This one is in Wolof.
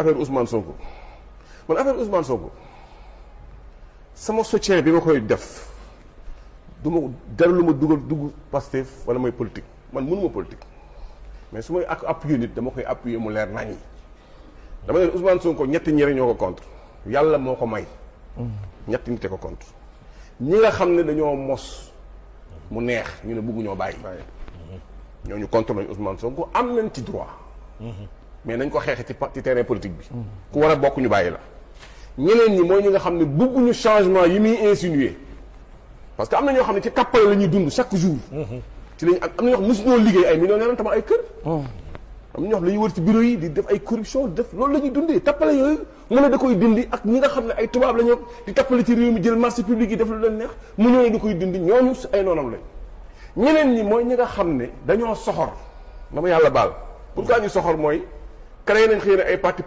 affaire Ousmane Sonko man affaire Ousmane Sonko sama soutien bi ma koy def duma ma dara lu ma dugal dugg Pastef wala mooy politique man mënuma politik mais su may ak appuyer nit dama koy appuyer mu leer nañi damay ne Ousmane Sonko ñetti ñere ñoo ko contre yàlla moo ko may. ñetti nite ko contre ñi nga xam ne dañoo mos mu neex ñu ne bëgguñoo bàyyi. ñooñu contre nañu Sonko am nañ ci droit. Mm-hmm. mais nañ ko xeexee ci ci terrain politique bi. ku war a bokk bàyyi la. ñeneen ñi mooy ñi nga xam ne bëgguñu changement yi muy insinuer parce que am na ñoo xam ne ci kàppale la ñuy dund chaque jour. ci lañ am liggéey ay millionnaire tabax ay kër. am na ñoo xam ne ci bureau yi di def ay corruption def loolu la ñuy dundee tappale yooyu da koy dindi ak ñi xam ne ay tubaab la ñu di tappale ci réew mi jël marché public yi def lu leen neex mu ñëw ne da koy dindi ñooñu ay noonam lañ ñeneen ñi mooy ñi nga xam ne dañoo soxor na ma yàlla baal kaa ñu soxor mooy créé nañ xëy na ay parti